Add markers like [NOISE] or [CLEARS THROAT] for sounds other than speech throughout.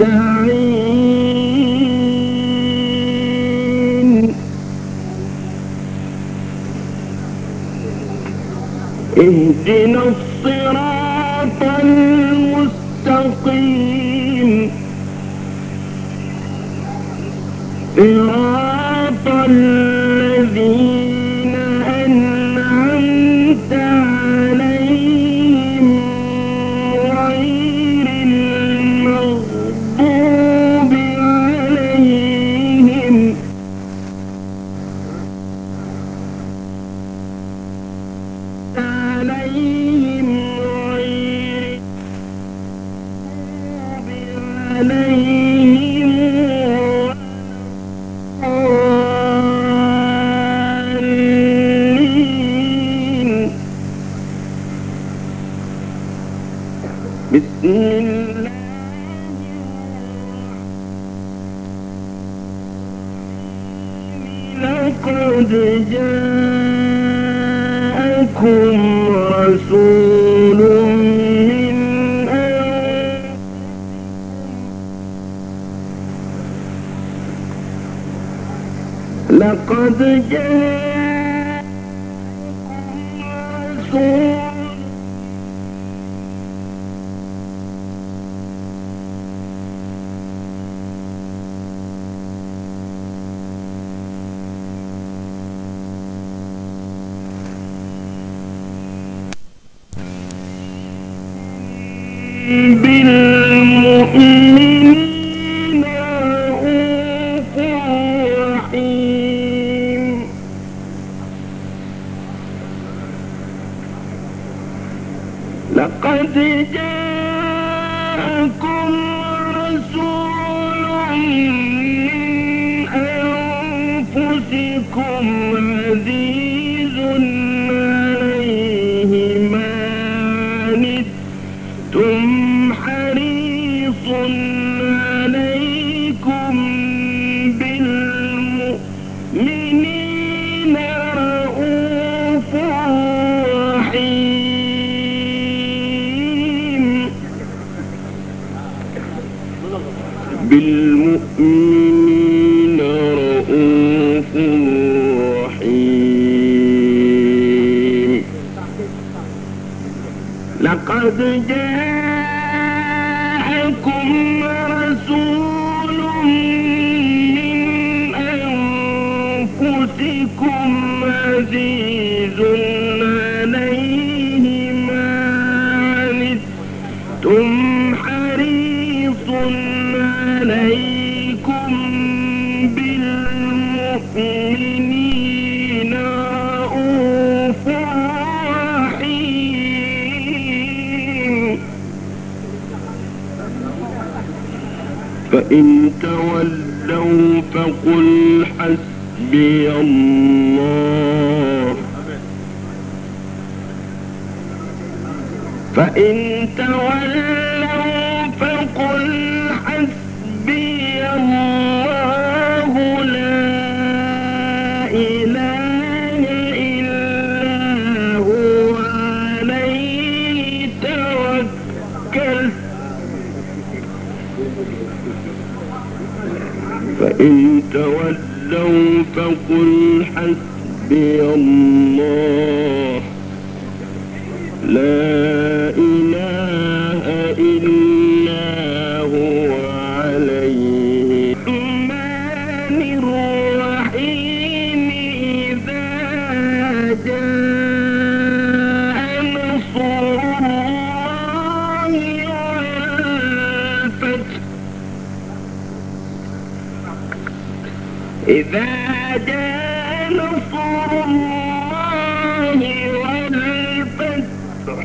نستعين اهدنا الصراط المستقيم صراط الذين قد جئت بالمؤمنين رؤوف رحيم لقد جاء تولوا فقل حسبي الله فإن تولوا تولوا فقل حسبي الله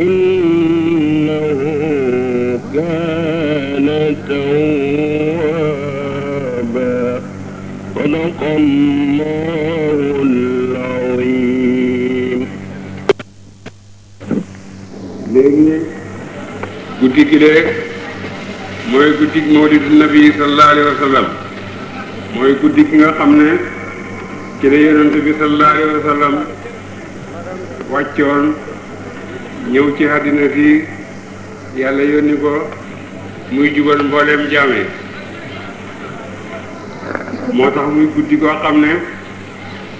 إنه كان توابا صدق الله العظيم léegi guddi gi de mooy guddi gi mawlidu nabi sallallahu alayhi wa sallam mooy guddi gi nga xam ne ci la yonent bi sallallahu alayhi wa sallam wàccoon ñëw ci àddina fii yàlla ni ko muy jubal mbooleem jaame moo tax muy guddi koo xam ne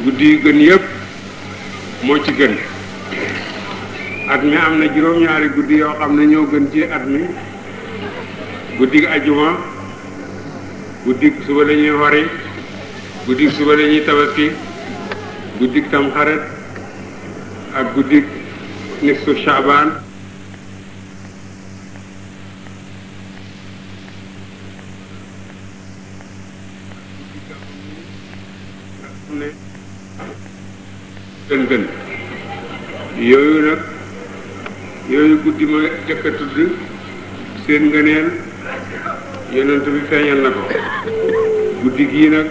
guddi yu gën yëpp moo ci gën at mi am na juróom-ñaari guddi yoo xam ne ñoo gën ci at mi guddi ajuma guddi suba la ñuy xori guddi suba la ñuy tabaski tamxaret ak guddi nisfu Chaabaan gën gën yooyu nag yooyu guddi ma jëkk a seen ngëneel yonent bi feeñal na ko guddi gii nag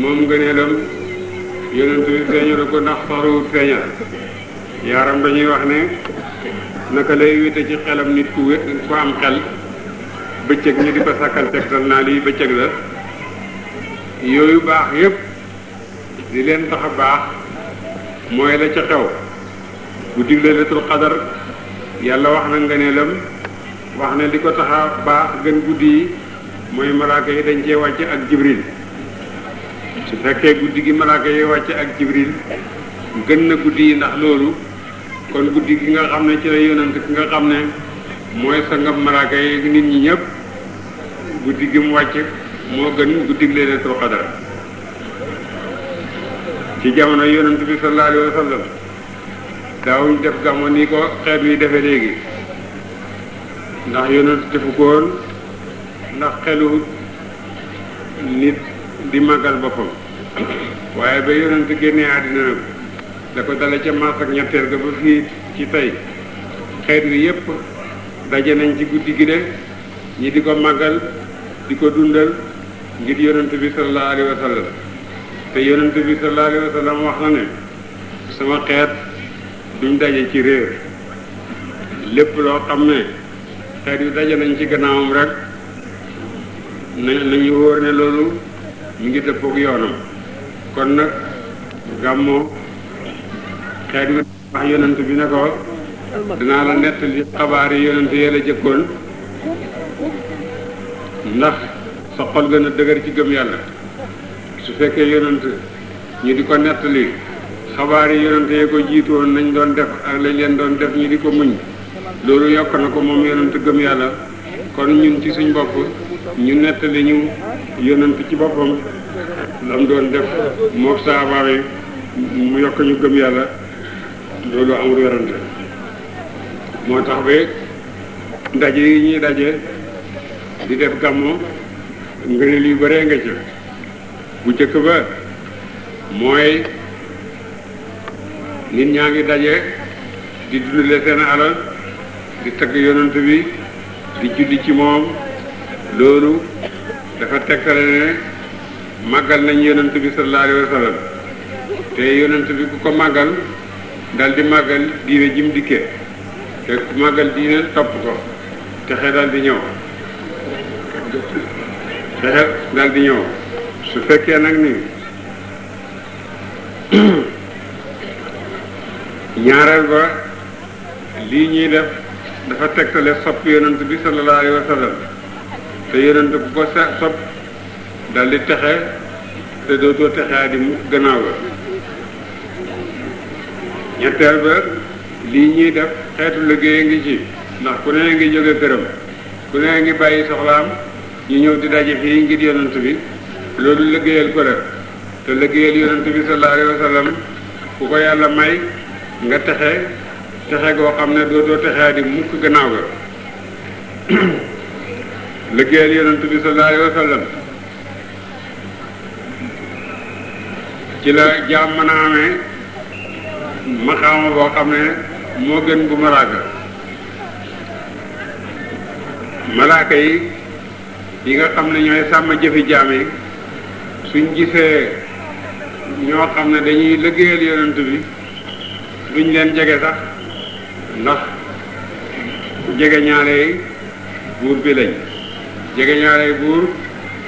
moom ngëneelam yonent bi feeñal ko ndax faru feeñal yaaram dañuy wax ne naka lay wéete ci xelam nit ku wét ku am xel bëccëg ñu di ko sàkkal tegtal naa lii bëccëg la yooyu baax yépp di leen tax a baax mooy la ca xew bu digle letul xadar yàlla wax na ngëneelam wax ne li ko tax a baax gën guddi yi mooy malaaka yi dañ cee wàcc ak jibril su fekkee guddi gi malaaka yi wàcc ak jibril gën na guddi yi ndax loolu kon guddi gi nga xam ne ci la yonent ki nga xam ne mooy sangam maraaka yi nit ñi ñëpp guddi gi mu wàcc moo gën guddi gi laylatul qadar ci jamono yonent bi sallallahu alayhi wa sallam def gàmmo ni ko xeet wi defe léegi ndax yonent defu ko ndax xelu nit di màggal boppam waaye ba yonent génnee àddina da ko dale ca mars ak ñetteel ga ba fii ci tey xeet wi yépp daje nañ ci guddi gi de ñi di ko màggal di ko dundal ngir yonent bi sallallahu alayhi wa sallam te yonent bi sallallahu alayhi wax na ne sama xeet duñ daje ci réer lépp loo xam ne xeet yu daje nañ ci gannaawam rek na nañu wóor ne loolu mu ngi dëppook yoonam kon nag gàmmoo xeet nag wax yonent bi ne ko dinaa la nettali xabaar yi yonent yee la jëkkoon ndax sa xol gën a dëgër ci gëm yàlla su fekkee yonent ñu di ko nettali xabaar yi yonent yee ko jiitoon nañ doon def ak lañ leen doon def ñu di ko muñ loolu yokk na ko moom yonent gëm yàlla kon ñun ci suñ bopp ñu nettali ñu yonent ci boppam lam doon def mook saabaam yi mu yokk ñu gëm yàlla loolu amul werante moo tax ba ndaje yi ñuy daje di def gàmmo ngëneel yu bëree nga ci bu jëkk ba mooy nit ñaa ngi daje di dundale seen alal di teg yonent bi di julli ci moom loolu dafa tegtale ne màggal nañ yonent bi sallallahu alayhi wa te yonent bi ku ko màggal dal di màggal diine jim dikkee te màggal diine topp ko texe dal di ñëw texe dal di ñëw su fekkee nag ni [CLEARS THROAT] ñaareel ba lii ñuy def dafa tegtale sopp yonent bi sallallahu alayhi wa sallam te yonent ku ko sopp dal di texe te dootoo texea di gannaaw ga ñetteel ba lii ñuy def xeetu liggéey ngi ci ndax ku ne ngi jóge këram ku ne ngi bàyyi soxlaam ñu ñëw di daje fii ngir bi loolu liggéeyal ko la te liggéeyal yonent bi sallallahu alayhi wa ku ko yàlla may nga texe texe goo xam ne doo doo texea di mukk gannaaw ga [CLEARS THROAT] liggéeyal yonent bi sallallahu alayhi wa ci la jaam mën a amee maxaama boo xam ne moo gën bu malaaka malaaka yi yi nga xam ne ñooy sàmm jëfi jaam yi suñ gisee ñoo xam ne dañuy liggéeyal yonent bi duñ leen jege sax ndax jege ñaale yi buur bi lañ jege ñaale buur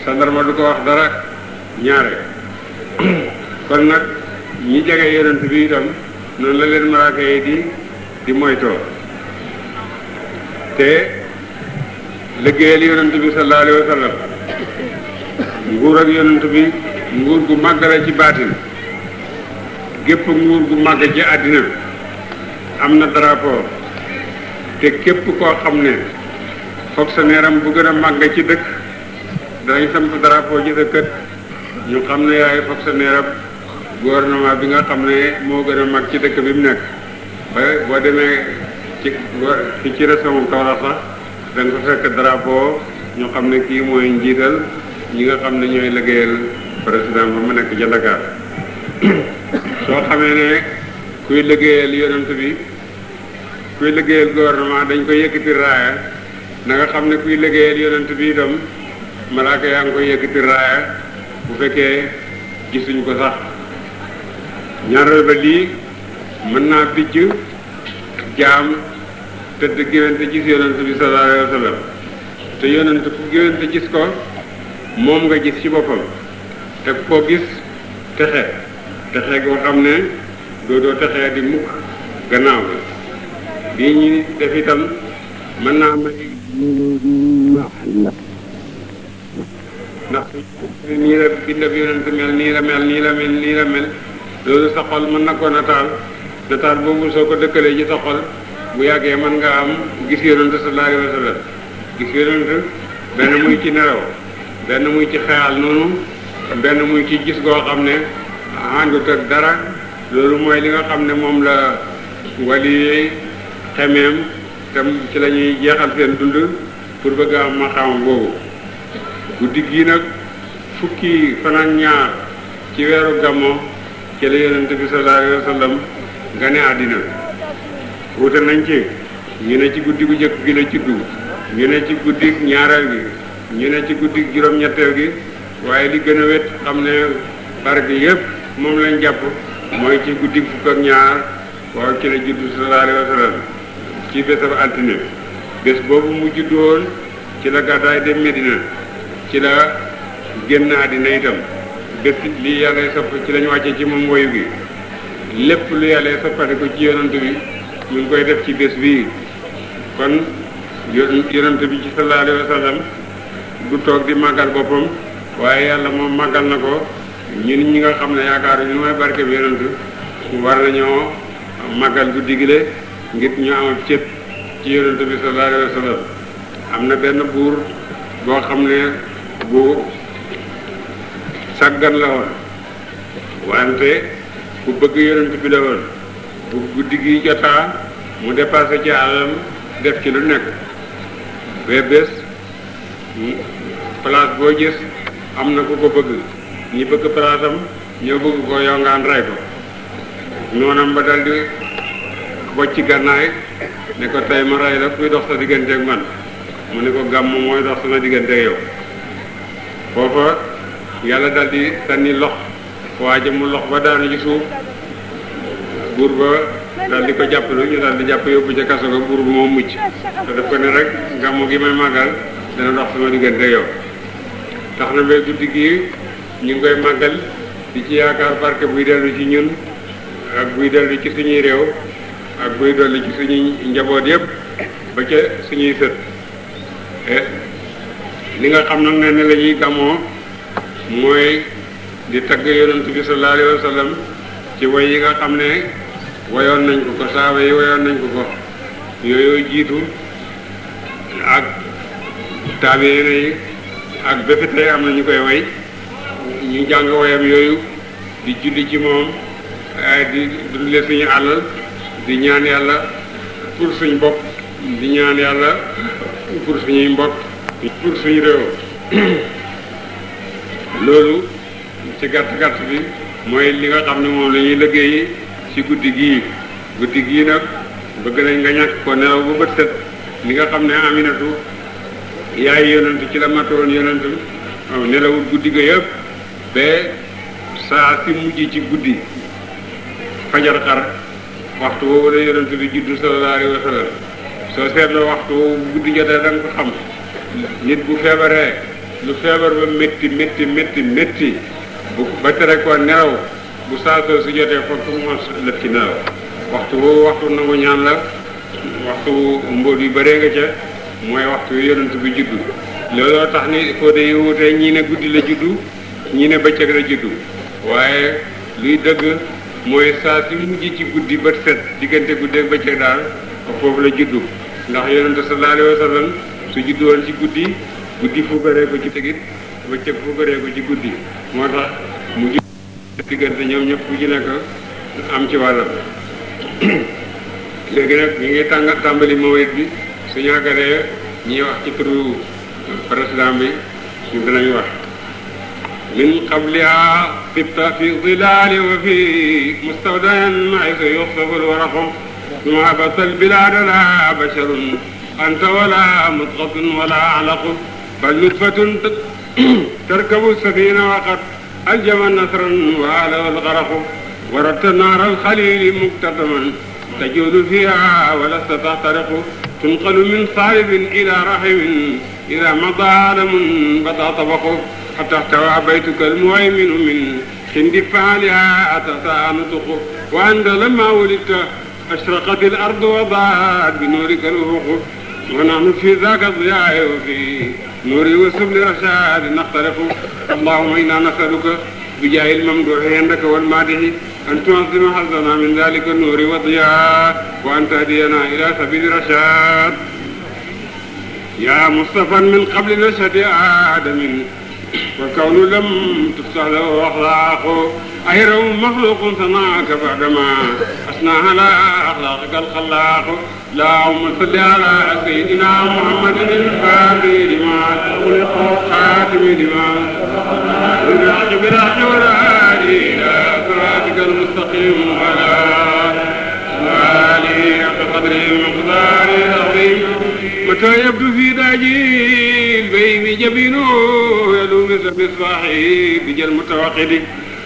sandarma du ko wax dara ñaare [CLEARS THROAT] kon nag ñi jege yonent bi itam noonu la leen malaaka yi di di moytoo te liggéeyal yonent bi sallallahu alayhi wa sallam nguur ak yonent bi nguur gu màgg la ci baatin gépp nguur gu màgg ci àddina am na darapo te képp koo xam ne fonctionnaire am bu gën a màgg ci dëkk danañ samp darapo ci sa kër ñu xam ne yaay fonctionnaire am gouvernement bi nga xam ne moo gën a mag ci dëkk bi mu nekk ba boo demee ci ci région Kaolack sax da nga ko fekk drapeau ñu xam ne kii mooy njiital ñi nga xam ne ñooy liggéeyal président ba mu nekk ca Dakar [COUGHS] soo xamee ne kuy liggéeyal yonent bi kuy liggéeyal gouvernement dañ koy yëkkati raaya na nga xam ne kuy liggéeyal yonent bi itam malaaka yaa ngi koy yëkkati raaya bu fekkee gisuñ ko sax ñaareel ba lii mën naa picc jaam tëdd géwénte gis yonent bi sallallahu alayhi wa sallam te yonent ku géwénte gis ko moom nga gis ci boppam te koo gis texe texe goo xam ne doodoo texee di mukk gannaaw la lii ñuy def itam mën naa may ndax nii la bindab nii la mel nii la mel nii la mel loolu sa xol mën na ko nataal nataal boobu soo ko dëkkalee ci sa xol bu yàggee mën nga am gis yonent sallallahu alayhi wa sallam gis yonent benn muy ci nelaw benn muy ci xeyal noonu benn mu ci gis goo xam ne àndut dara loolu mooy li nga xam ne moom la wali xemeem tam ci lañuy jeexal seen dund pour bëgg a am maqaam boobu guddi gii nag fukki fan ñaar ci weeru gammoo ci la yonente bi sallallahu alayhi wa nga ne àddina wuute nañ ci ñu ne ci guddi gu njëkk gi la juddu ñu ne ci guddi ñaareel gi ñu ne ci guddi juróom-ñetteel gi waaye li gën a wet xam ne barke yépp moom lañ jàpp mooy ci guddi fukk ak ñaar waaw ci la juddu sallallahu alayhi wa sallam ci bésab altine bés boobu mu juddu woon ci la gàddaay dem Medina ci la génn àddina itam dëkk li yàlla ci lañu wàccee ci moom woyu gi lépp lu yàlla soppate ko ci yonant bi ñu ngi koy def ci bés bii kon yonant bi ci sallallahu alayhi wa sallam du toog di màggal boppam waaye yàlla moom màggal na ko ñun ñi nga xam ne yaakaar ñu mooy barke bi yonant war nañoo màggal bu digile ngir ñu am ab ci yonant bi sallallahu alayhi wa sallam am na benn buur boo xam ne bu sàggan la woon wante ku bëgg yonent bi la woon bu guddi gi jotaa mu dépassé ci alam def ci lu nekk bee bés place boo gis am na ku ko bëgg ñi bëgg place am ñoo bëgg ko yongaan rey ko noonam ba daldi bocc gànnaay ne ko tey ma rey kuy dox sa digganteeg man mu ne ko gàmm mooy dox sama digganteeg yow foofa yàlla dal di sànni lox waa ja lox ba daanu ci buur ba dal di ko jàpp nag ñu dal di jàpp yóbbu ca kaso ga buur ba moom mucc te daf ko ne rek gàmmu gi may màggal dana dox sama diggante yow tax na bee guddi gi ñu ngi koy màggal di ci yaakaar barke buy dellu ci ñun ak buy dellu ci suñuy réew ak buy dolli ci suñuy njaboot yépp ba ca suñuy sët li eh, nga xam nag ne ne la ñuy mooy di tagg yonent bi sallallahu alayhi wa sallam ci way yi nga xam ne wayoon nañ ko ko saaba yi wayoon nañ ko ko yooyu jiitu ak taabiyeena yi ak bépp tey am na ñu koy way ñu jàng wayam yooyu di julli ci moom ay di dundale suñu àll di ñaan yàlla pour suñ bopp di ñaan yàlla pour suñuy mbokk pour suñu réew [CLEARS THROAT] loolu ci gàtt gàtt bi mooy li nga xam ne moom la liggéey ci guddi gii guddi gii nag bëgg nañ nga ñàkk ko nelaw bu bët set li nga xam ne aminatu yaay yonent ci la matoon yonent waaw nelawul guddi ga yëpp ba saa si mujj ci guddi fajar xar waxtu woowu la yonent bi juddu sallallahu alayhi wa sallam soo seetloo waxtu woowu guddi jotee da nga ko xam nit bu feebaree lu feebar ba métti métti métti métti bu ba tere ko nelaw bu saasoo si jotee foofu mu lëf waxtu boobu waxtu nangu ñaan la waxtu mbóot yu bëree nga ca mooy waxtu yu yonent bi juddu looloo tax ni foo day wutee ñii ne guddi la juddu ñii ne bëccëg la juddu waaye luy dëgg mooy saa si mujj ci guddi ba set diggante guddi bëccëg daal foofu la juddu ndax yonent sallallahu alayhi wa su juddu ci guddi guddi fuukaree ko ci tegit bëccëg fuukaree ko ci guddi moo tax mu ji diggante ñoom ñëpp ku ci nekk am ci wàllam léegi nag ñu ngi tàng tàmbali mawlid bi suñu àggalee ñuy wax ci turu président bi ñu dinañ wax min qabliha tibta fi dilaali wa fi mustawdan maisa yuxsafu lwarafu suma basal bilaada la basharun anta wala mutqatun wala alaqu bal nutfatun tarkabu safina waqat aljama nasran waalaw algaraqu warabta naara alxalili muktadaman tajuudu fiha walasta taxtariqu tunqalu min saalibin ila rahimin ida mada alamun bada tabaqu xata xtawa baytuka almuhayminu min xindi faaliha atata nutuqu wa anta lama wulidta ashraqat alardu wa daat bi nuurika alwuqu ونحن في ذاك الضياء وفي نوري وسبل رشاد نختلف اللهم إنا نسألك بجاه الممدوح عندك والمادح أن تعظم حظنا من ذلك النور والضياء وأن تهدينا إلى سبيل رشاد يا مصطفى من قبل نشهد آدم فالكون لم تفتح له أخلاقه أيره مخلوق صنعك بعدما أثنى على أخلاقك الخلاق اللهم صل على سيدنا محمد الفاتح لما أغلق خاتم لما بالعجب الأحجر الآلي إلى صراطك المستقيم وعلى قدر المقدار العظيم متى يبدو في داجي البيم جبينه يلومس بإصباحه بجل متوقد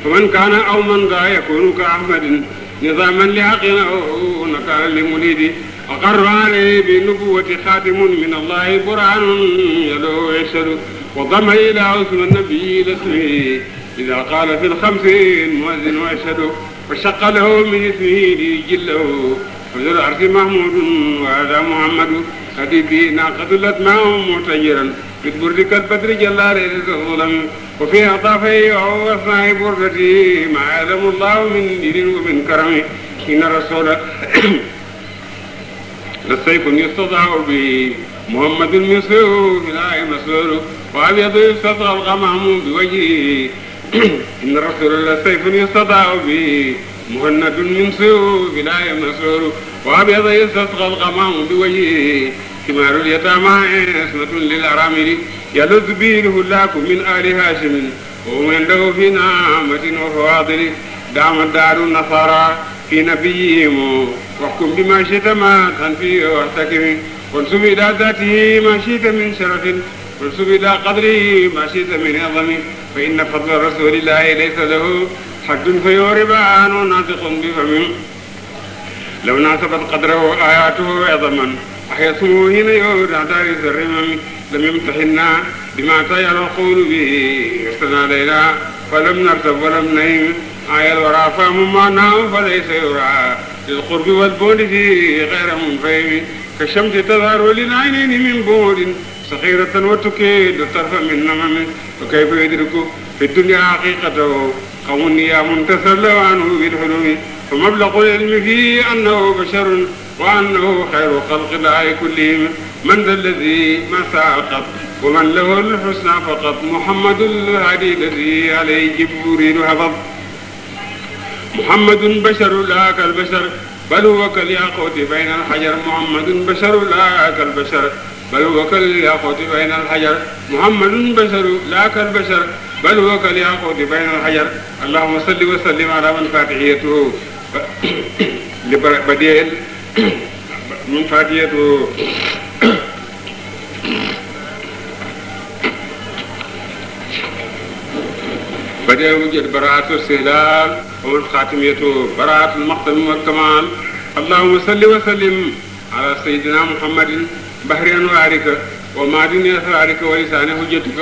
ومن كان أو من ذا يكون كأحمد نظاما لعقله نكالا لمريد أقر عليه بالنبوة خاتم من الله برهان يلوه يشهد وضم إلى عثم النبي لاسمه إذا قال في الخمسين مؤذن ويشهد وشق له من اسمه ليجله ذو العرش محمود وهذا محمد أدبي ناقة معه معتجرا بالبرد كالبدر جلال الظلم وفي أطافه وهو أصنع بردته ما أعلم الله من دين ومن كرم إن رسول للسيف يستضع به محمد المسيو بالله مسرور وأبيض يستضع الغمام بوجهه إن رسول الله سيف يستضع به مهند من سوء لا يمسور وابيض يستسقى الغمام بوجهه ثمار اليتامى عصمة للارامل يلذ به الهلاك من ال هاشم وهم عنده في نعمة وفواضل دام الدار النصارى في نبيهم واحكم بما شئت ما تنفي واحتكم وانسب الى ذاته ما شئت من شرف وانسب الى قدره ما شئت من عظم فان فضل رسول الله ليس له حد فهو ربا وناطق بفم لو ناسبت قدره آياته عظما أحيصه حين يعود أعداء سرما لم يمتحنا بما تيل القول به يحسن ليلا فلم نرتب ولم نيم آية الورى فهم معناه فليس يرعى للقرب والبعد فيه غير منفهم كالشمس تظهر للعينين من بعد صغيرة وتكيد الطرف من نمم وكيف يدرك في الدنيا حقيقته قوم نيام تسلوا عنه بالحلم فمبلغ العلم فيه أنه بشر وأنه خير خلق الله كلهم من ذا الذي ما سعى قط ومن له الحسنى فقط محمد الهادي الذي عليه جبريل هبط محمد بشر لا كالبشر بل هو كالياقوت بين الحجر محمد بشر لا كالبشر بل هو كالياقوت بين الحجر محمد بشر لا كالبشر bal huwa kal yanquti bayna al-hajar allahumma salli wa sallim ala man fatihiyatu li badiyel min fatihiyatu بدأ وجد براءة السهلال والخاتمية براءة المقتم والكمال اللهم صل وسلم على سيدنا محمد بحر أنوارك ومعدن أسرارك ولسان حجتك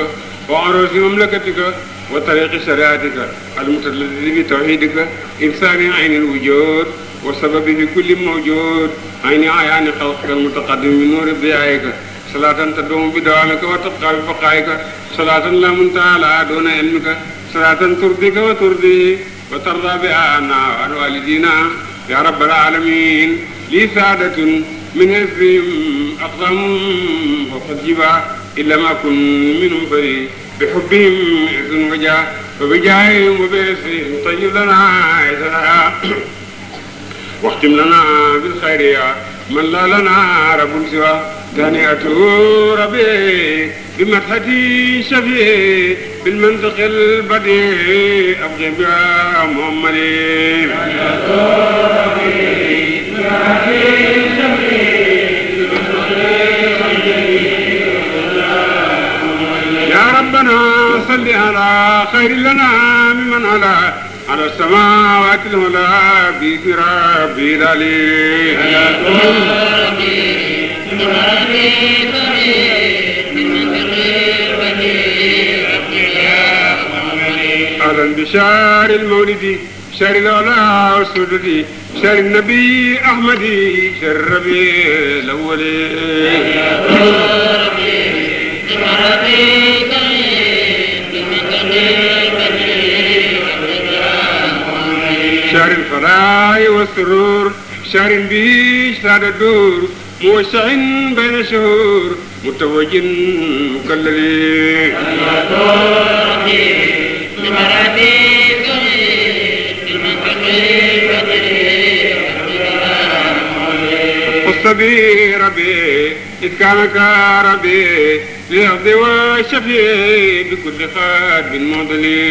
وعروس مملكتك وطريق شريعتك المتلذذ بتوحيدك إرسال عين الوجود وسبب لكل موجود عين عيان خلقك المتقدم من نور ضيائك صلاة تدوم بدوامك وتبقى ببقائك صلاة لا منتهى لها دون علمك صلاة ترضيك وترضيه وترضى بها عنا وعن والدينا يا رب العالمين لي سعادة من هزهم أقدم وقد جبا إلا ما كن منهم بريء بحبهم ثم وبجاههم وباسرهم طيب لنا عيسنا واختم لنا بالخير يا من لا لنا رب سوى ثانيته ربي بمدحتي شفي بالمنطق البديع ابغي بها محمد ثانيته ربي بمدحتي شفي ربنا صل على خير لنا ممن على على السماوات العلى بك ربي العلي أهلا بشار المولد شر العلا والسدد شر النبي أحمد شر الربيع الأول يا ربي شهر الفلاح والسرور شهر به اجتهاد الدور موسع بين شهور متوج مكلل قص بي ربي إذ كانك ربي للأرض والشفيع بكل خاد معضلي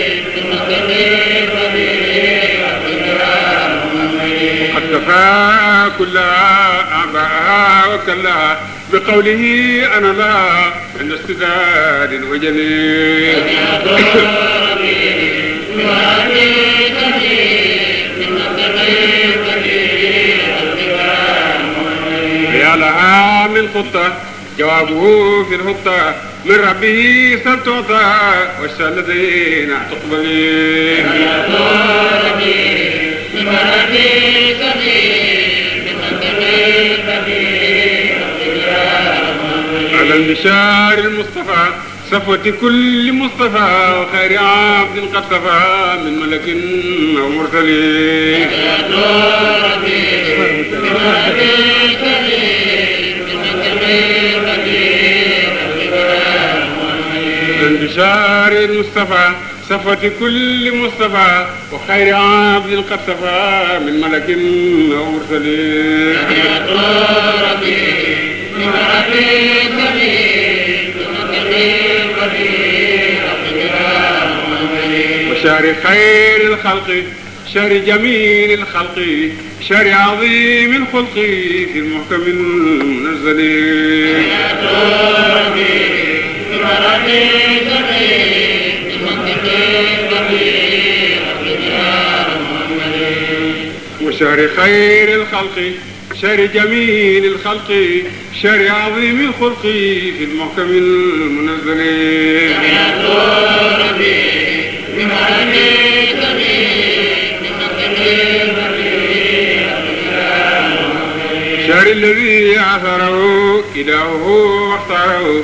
اصطفى كلها اعباءها وكلها بقوله انا لها عند استدلال وجميل يا لها من خطه جوابه في الهبطة من ربه سبتعطى والشهادتين تقبلين على المشار المصطفى صفوة كل مصطفى وخير عبد قد صفى من ملك أو مرسلين انتشار المصطفى safati kulli mustafa wa xayri abdin qad safa min malakin aw mursalin وشهر خير الخلق شهر جميل الخلق شهر عظيم الخلق في المحكم المنزل يا ربي وشر خير الخلق شر جميل الخلق شر عظيم الخلق في المحكم المنزل شر الذي عثره إلهه واختاره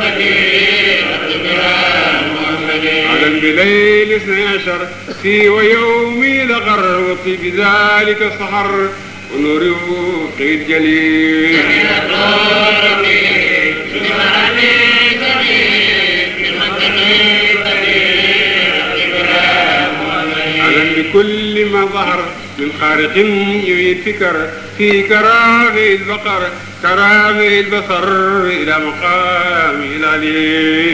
بليل اثني عشر في ويومي لغر وطيب ذلك السحر ونور وفقي الجليل أعلم بكل ما ظهر من خارق يعيد فكر في كرامه البقر كرامه البصر إلى مقام العلي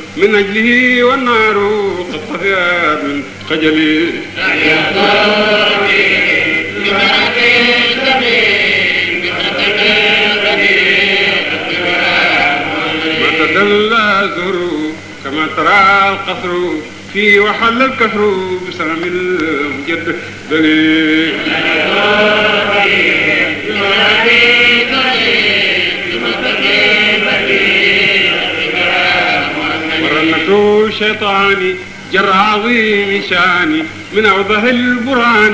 من أجله والنار قد خفيا من خجلي يا ضربي لما أتيت به ما تدلى زهر كما ترى القصر في وحل الكفر بسلام الجد دليل يا ضربي لما أتيت به لما تدلى به جنة الشيطان جر عظيم شاني من أوضح البرهان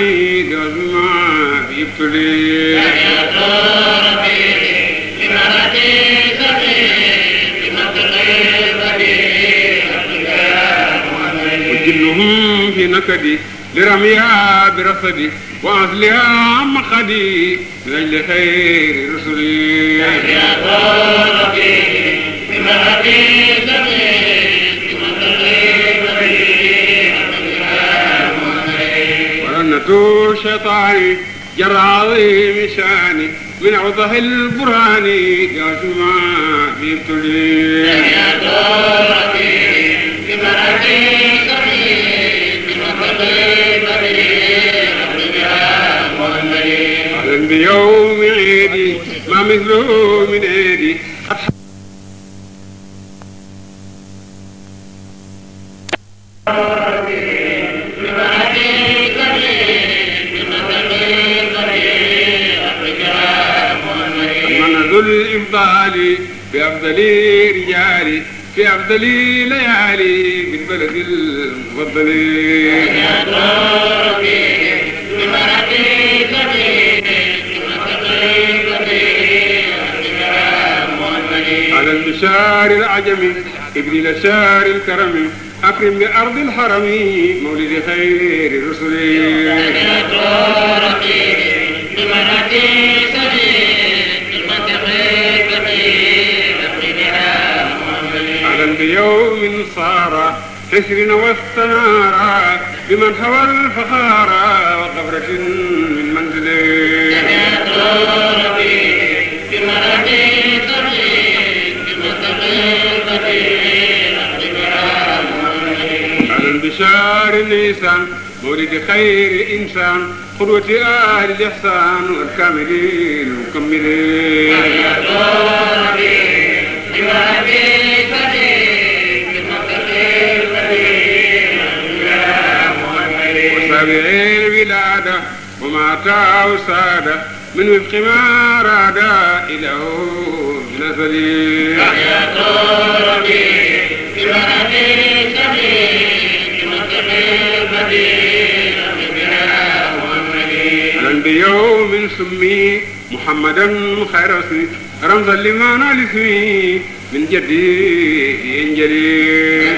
دوز ما يبتلي جنهم في نكدي لرميها برصدي وأصلها عن مقدي من أجل خير رسلي يا ربي بما أتيت به ردوا شيطاني جراضي مشاني من عضه البرهان يا جماع بيبتلي يا دور بمرحي سعيد بمرحي بريد بيوم عيدي ما مثله من عيدي الأعمال بأفضل رجال في أفضل ليالي بالبلد المفضل يا ربي على المشار العجمي ابن الأشار الكرم أكرم بأرض الحرم مولد خير الرسل يا ربي بمنك سبيل اليوم صارا حسر واستنارا بمن هوى الفخارا وقبرة من منزلين على البشار نيسان مولد خير إنسان قدوة أهل الإحسان والكاملين المكملين غير ولادة وما تاه سادة من وفق ما راد إله من سليم يا ربي بمعنى بيوم سمي محمدا خير اسمي رمزا لما نال اسمي من جدي ينجلي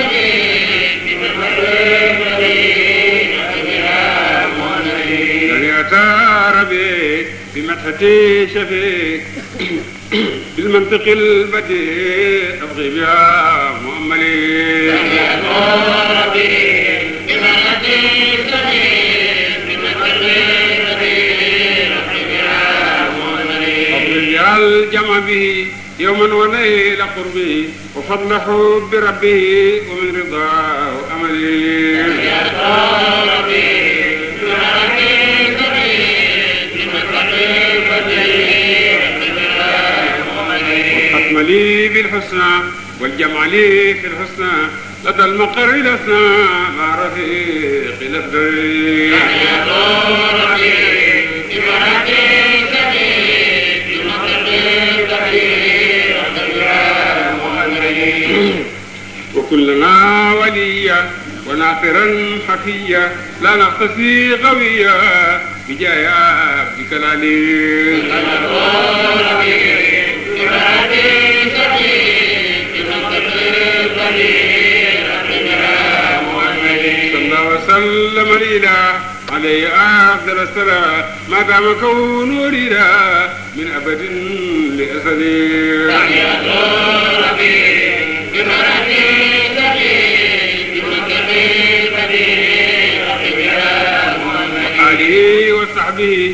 سار بك بمدحتي شفيك بالمنطق البديع أبغي بها مؤملي الجمع به يوما وليل قربي وفضل حب ربه ومن رضاه أملي لي بالحسنى والجمع لي في الحسنى لدى المقر لسنا مع رفيق الأفدري وكلنا وليا وناصرا حفيا لا نقتسي قويا بجاه عبدك العليم وسلم ليلا عليه آخر الصلاة ما دام كونه ليلا من أبد لأسدي تحية ربي بمرحبي عليه وصحبه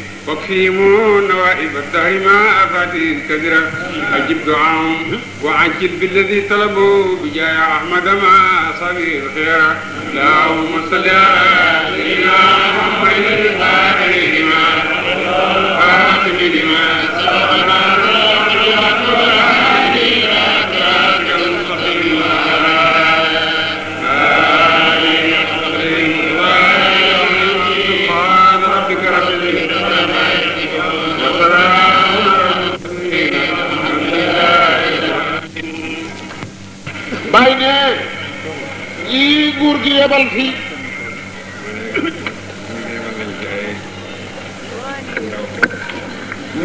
وكفيهم نوائب الدهر ما أفاتي كدرة أجب دعاهم وعجل بالذي طلبوا بجاه أحمد ما أصابي خيرا اللهم صل على سيدنا محمد الفاتح لما فاتح لما سبق ngi fii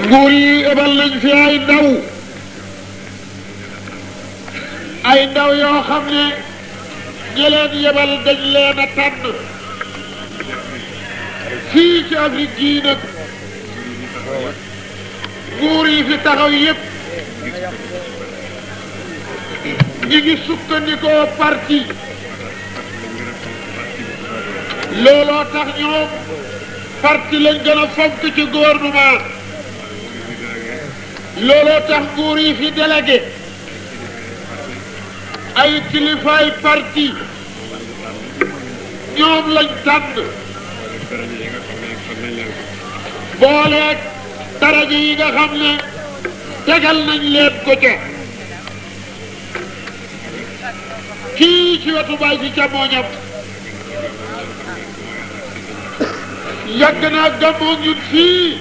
nguur yi ebal nañ fi ay ndaw ay ndaw yoo xam ne ñi leen yebal dañ leen a tànn fii ci Afrique gii nag nguur yi fi taxaw yépp ñi ngi sukkandikoo parti looloo tax parti lañ gën a fonk ci gouvernement looloo tax nguur yi fi délégué ay kilifaay parti ñoom lañ tànn booleeg daraja yi nga xam ne tegal nañ leen ko ca kii ci wetu baay ci càmmooñam yàgg naa gàmmoo ñun fii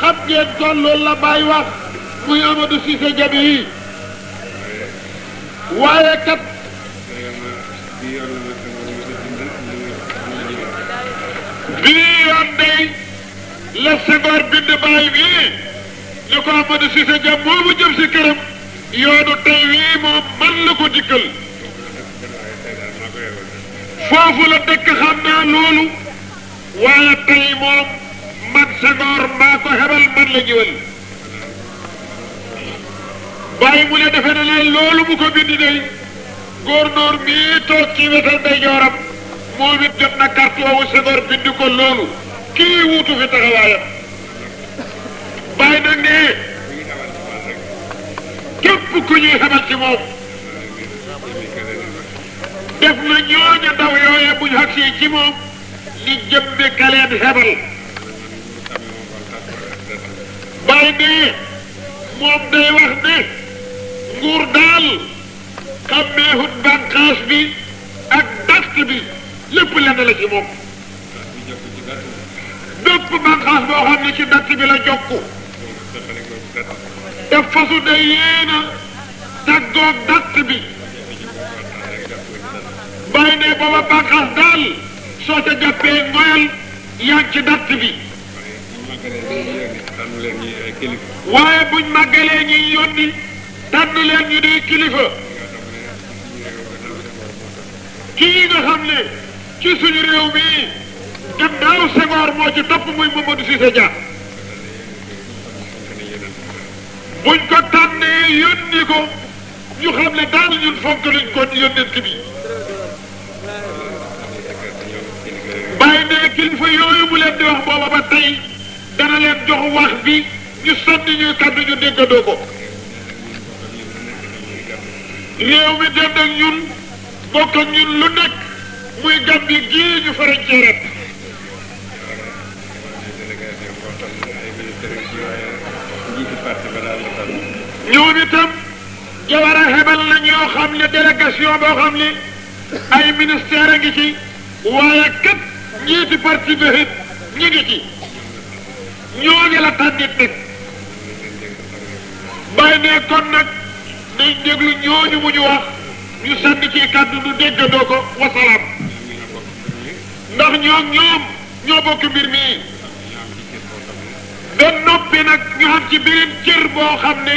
xam ngeen kon la bàyyi wax muy Amadou Cissé Diaby yi waaye kat bii yoon day la Senghor bind bàyyi bii ñu ko Amadou Cissé Diaby moomu jëm si këram yoonu tey wii moom man la ko dikkal foofu la dëkk xam naa waaye tey moom man Senghor maa ko xebal man la ñëwal bàyyi mu ne defe na loolu mu ko bind day góornóor mii toog ci wetal ndeyjooram moom it jot na carte woowu Senghor bind ko loolu kii wuutu fi taxawaayam bàyyi nag ne képp ku ñuy xebal ci moom def na ñooñu ndaw yooye buñ xag si ci moom li jëmbe kaleeb hebal bay bi moom day wax ne nguur daal xàmmeehut bànqaas bi ak dast bi lépp lenn la ci moom bépp bànqaas boo xam ne ci dast bi la jokku te fasu de yéena tàggoog dast bi bay ne booba bànqaas daal soo ca jàppee ngoyal yaa ngi ci dàtt bi. waaye buñ màggalee ñuy yónni tànn leen ñu dee kilifa. kii nga xam ne ci suñu réew mi gannaaw Senghor moo ci topp muy Mamadou Cissé Dia. buñ ko tànnee yónni ko ñu xam ne daal ñun fonk luñ ko yónnent bi. bàyyi ne kilifa yooyu mu bi ñu sonni ñuy kaddu ñu déggandoo ko réew mi dend ak ñun bokk ak ñun lu a xebal na ñoo xam ne ay ministère a ngi ci waaye ñeenti parti ba xëpp ci ñooñu la tànnit nag bàyyi ne kon nag nañ déglu ñooñu mu ñu wax ñu sànni ci kàddu nu déggandoo ko wasalaam ndax ñoom ñoom ñoo bokk mbir mi ba noppi nag ñu ci beneen cër boo xam ne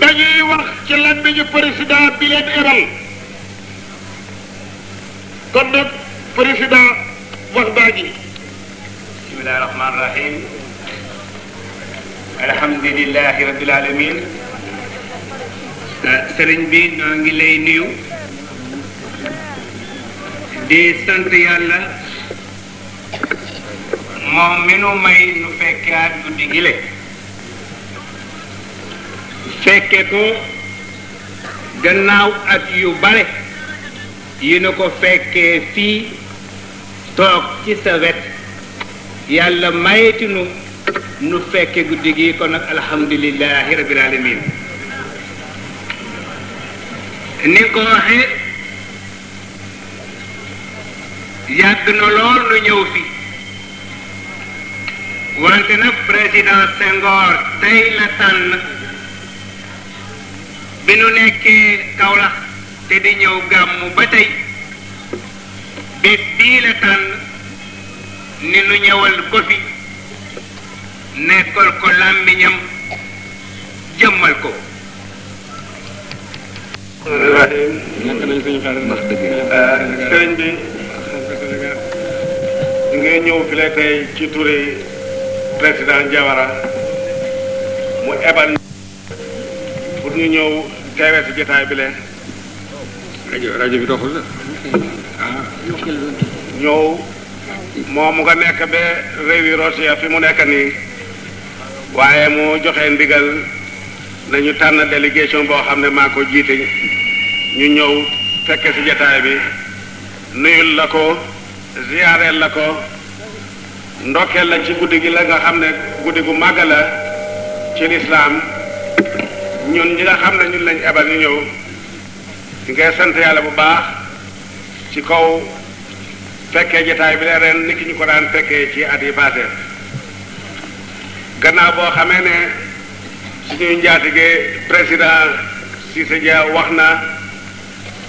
dañuy wax ci lan nañu président bi leen ebal kon nag président Mosbaaji. bismillahi rahmaani rahim. alhamdulilahi rabil alamin. Euh, sëriñ bi ñoo ngi lay nuyu. di sant yàlla. moom mi nu nu fekke at guddi gile. fekke ko gannaaw at yu bare. yi nu ko fekkee fii. toog ci sa wet yàlla mayetinu nu fekke guddi gi kon nag alhamdulilahi rabbil alamin ni ko waxee yàgg na lool nu ñëw fi wante nag président Senghor tey la tànn bi nu nekkee Kaolack te di ñëw gàmmu ba tey bés bii la tànn ni nu ñëwal ko fi nekkal ko làmmiñam jëmmal ko ñàkk ah, bi di ñëw fi la tey ci turi président Diawara mu ebal pour ñu ñëw teewee si jotaay bi leen ñëw moom mu nga nekk ba réew yi Russie fi mu nekk nii waaye mu joxe ndigal nañu tànn délégation boo xam ne maa ko jiite ñu ñëw fekk ci jataay bi nuyul la ko ziyaareel la ko ndokkeel la ci guddi gi la nga xam ne guddi gu màgg la ci lislaam ñun ñi nga xam ne ñun lañ ebal ñu ñëw ñu ngay sant yàlla bu baax ci kaw fekkee jotaay bi la ren niki ñu ko daan fekkee ci at yi passé gannaaw boo xamee ne suñuy njaatige président Cissé Dia wax na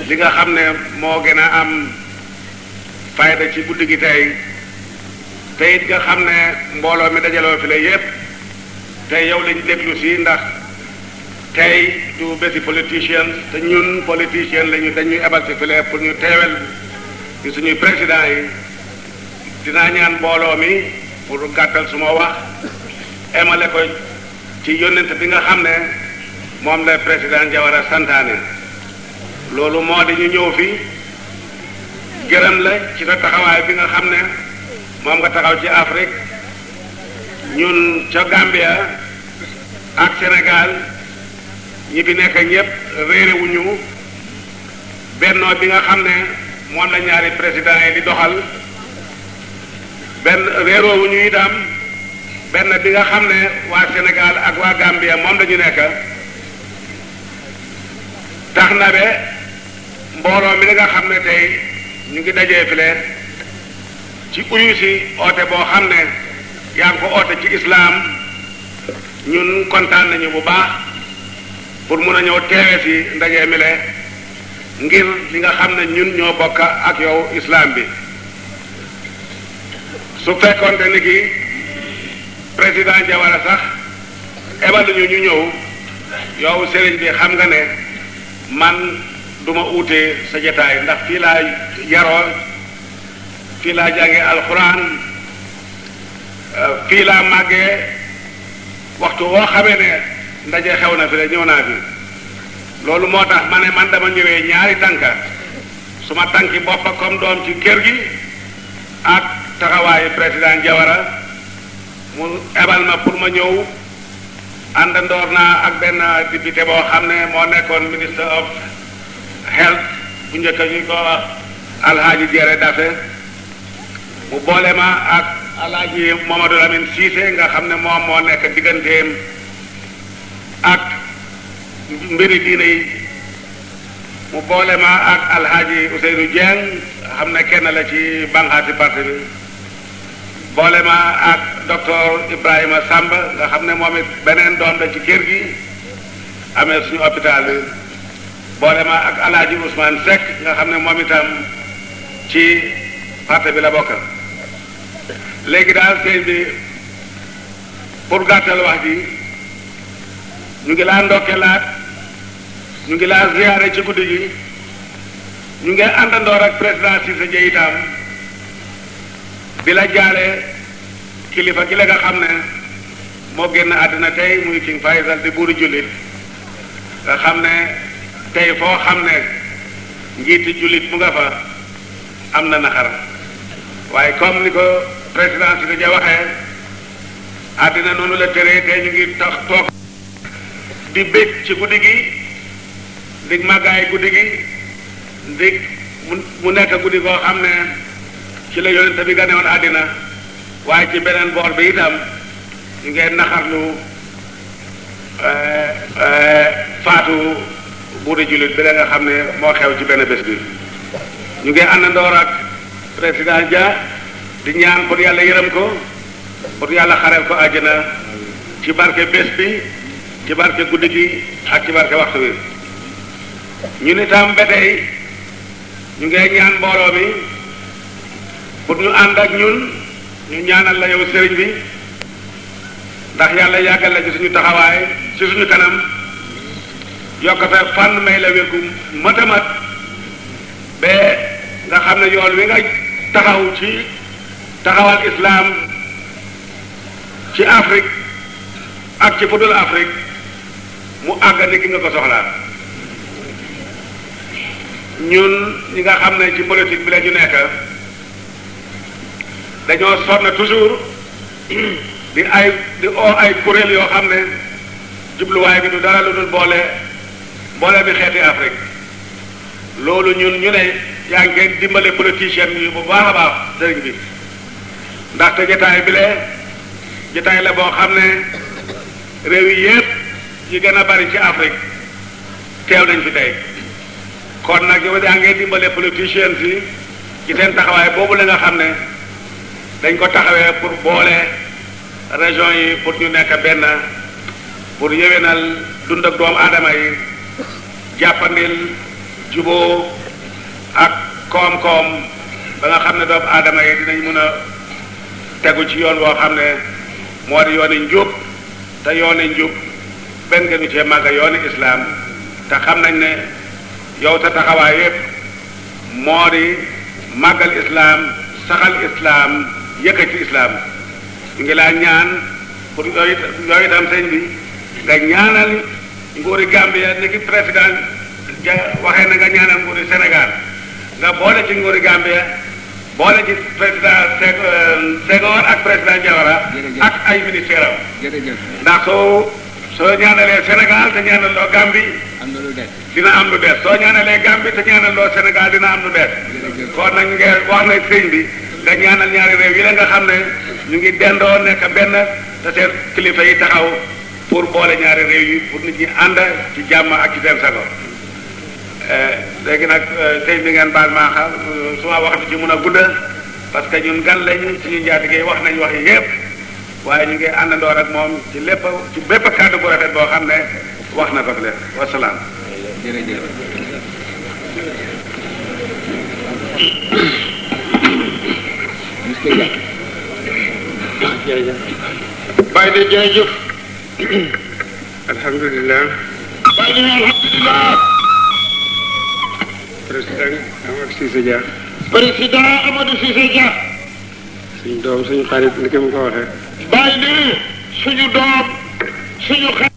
li nga xam ne moo gën a am fayda ci guddi gi tey te it nga xam ne mbooloo mi dajaloo fi la yépp te yow lañ déglu si ndax tey du bési politicien te ñun politicien lañu dañuy ebal si file pour ñu teewel ci suñuy président yi dinaa ñaan mbooloo mi pour gàttal suma wax emale ko ci yónnent bi nga xam ne moom la président Jawara santaane loolu moo di ñu ñëw fi gërëm la ci sa taxawaay bi nga xam ne moom nga taxaw ci Afrique ñun ca Gambia ak Sénégal ñi bi nekk ñëpp réere wu ñu bennoo bi nga xam ne moom la ñaari président yi di doxal benn réeroo wu ñu itam benn bi nga xam ne waa Sénégal ak waa Gambia moom la ñu nekk tax na be mbooloo mi nga xam ne tey ñu ngi dajee file ci uyu si oote boo xam ne yaa ngi ko oote ci islaam ñun kontaan nañu bu baax pour mun a ñëw teewe si ndaje mi le ngir li nga xam ne ñun ñoo bokk ak yow islaam bi su fekkonte ni ki président Jawara sax évalué ñu ñëw yow sëriñ bi xam nga ne man duma uute sa jataay ndax fii laa yaroo fii laa jàngee alxuraan fii laa màggee waxtu woo xamee ne ndaje xew na fi la ñëw naa fi loolu moo tax ma ne man dama ñëwee ñaari tànka su ma tànki boppa comme doom ci kër gi ak taxawaayu président Jawara mu ebal ma pour ma ñëw àndandoor naa ak benn député boo xam ne moo nekkoon ministre of health bu njëkk ñu ko wax alhaaji Dafe mu boole ma ak alhaaji Mamadou Lamine Cissé nga xam ne moom moo nekk digganteem ak mbiri diine yi mu boole ma ak alxaaji Ousseynou Dieng xam ne kenn la ci banqaati parti bi boole ma ak docteur Ibrahima Samba nga xam ne moom it beneen doom la ci kër gi amee suñu hôpital bi boole ma ak alxaaji Ousmane Seck nga xam ne moom itam ci parte bi la bokk léegi daal sëñ bi pour gàttal wax ji ñu ngi laa ndokkelaat ñu ngi laa ziyaare ci guddi gi ñu ngi àndandoor ak président Cissé Dieye itam bi la jaale kilifa gi la nga xam ne moo génn àddina tey muy King Faisal di buuru jullit nga xam ne tey foo xam ne njiiti jullit mu nga fa am na naxar waaye comme ni ko président Cissé Dieye waxee àddina noonu la tëree tey ñu ngi tax toog di bég ci guddi gi ndég màggaay guddi gi ndég mu nekk guddi koo xam ne ci la yonent bi gane woon àddina waaye ci beneen boor bi itam ñu ngeen naxarlu eh, eh, faatu buuri jullit bi la nga xam ne moo xew ci benn bés bi ñu ngi àndandoor ak président Dia di ñaan pour yàlla yërëm ko pour yàlla xareel ko àjjana ci barke bés bi ci barke guddi gi ak ci barke waxtu wi ñu ni tam ba tey ñu ngay ñaan mbooloo mi pour ñu ànd ak ñun ñu ñaanal la yow sëriñ bi ndax yàlla yàggal la ci suñu taxawaay ci suñu kanam yokkate fànn may la wégu mat a mat ba nga xam ne yoon wi nga taxaw ci taxawal islaam ci Afrique ak ci fu Afrique mu àggale ki nga ko soxlaa ñun ñi nga xam ne ci politique bi la ñu nekk dañoo sonn toujours [CLEARS THROAT] di ay di oo ay kuréel yoo xam ne jubluwaay bi du dara lu dul boole boole bi xeeti Afrique loolu ñun ñu ne yaa ngeen dimbale politiciens yi bu baax baax sëriñ bi ndaxte jotaay bi le jotaay la boo xam ne réew yi yépp ci gën a bari ci Afrique teew nañ fi tey kon nag yow daa ngay dimbale politiciens yi ci seen taxawaay boobu la nga xam ne dañ ko taxawee pour boole région yi pour ñu nekk benn pour yéwénal dund ak doomu aadama yi jàppandil juboo ak koom-koom ba xam ne doomu aadama yi dinañ mën a tegu ci yoon woo xam ne moo di yooni njub te yooni njub benn nga ñu cee màgg yoonu islaam te xam nañ ne yow sa taxawaay yépp moo di màggal islaam saxal islaam yëkkati islaam ngi laa ñaan pour yooyu yooyu itam sëñ bi nga ñaanal nguuri Gambia ni ki président ja waxee na nga ñaanal nguuri Sénégal nga boole ci nguuri Gambia boole ci président euh, Senghor ak président Jawara ak ay ministère am ndax soo soo ñaanalee Sénégal te ñaanal loo Gambie. am na dina am lu des soo ñaanalee Gambie te ñaanal loo Sénégal dina am lu des. kon nag ngeen wax na sëñ bi nga ñaanal ñaari réew yi la nga xam ne ñu ngi dendoo nekk benn te seen kilifa yi taxaw pour boole ñaari réew yi pour nit ñi ànd ci jàmm ak ci seen sago. Eh, léegi nag eh, sëñ bi ngeen baal maa xam su ma eh, wax ci mun a gudda parce que ñun gan lañu suñu njaatige wax nañ wax yépp waaye ñu ngi àndandoor ak moom ci lépp ci bépp a bu rafet boo xam ne wax na ko fi leen wasalaam. jërëjëf. de jërëjëf. alhamdulilah. Baye de alhamdulilah. président Amadou Cissé Dia. président Amadou Cissé Dia. suñ doom suñu xarit ni ko mu ko bàyyi suñu doom suñu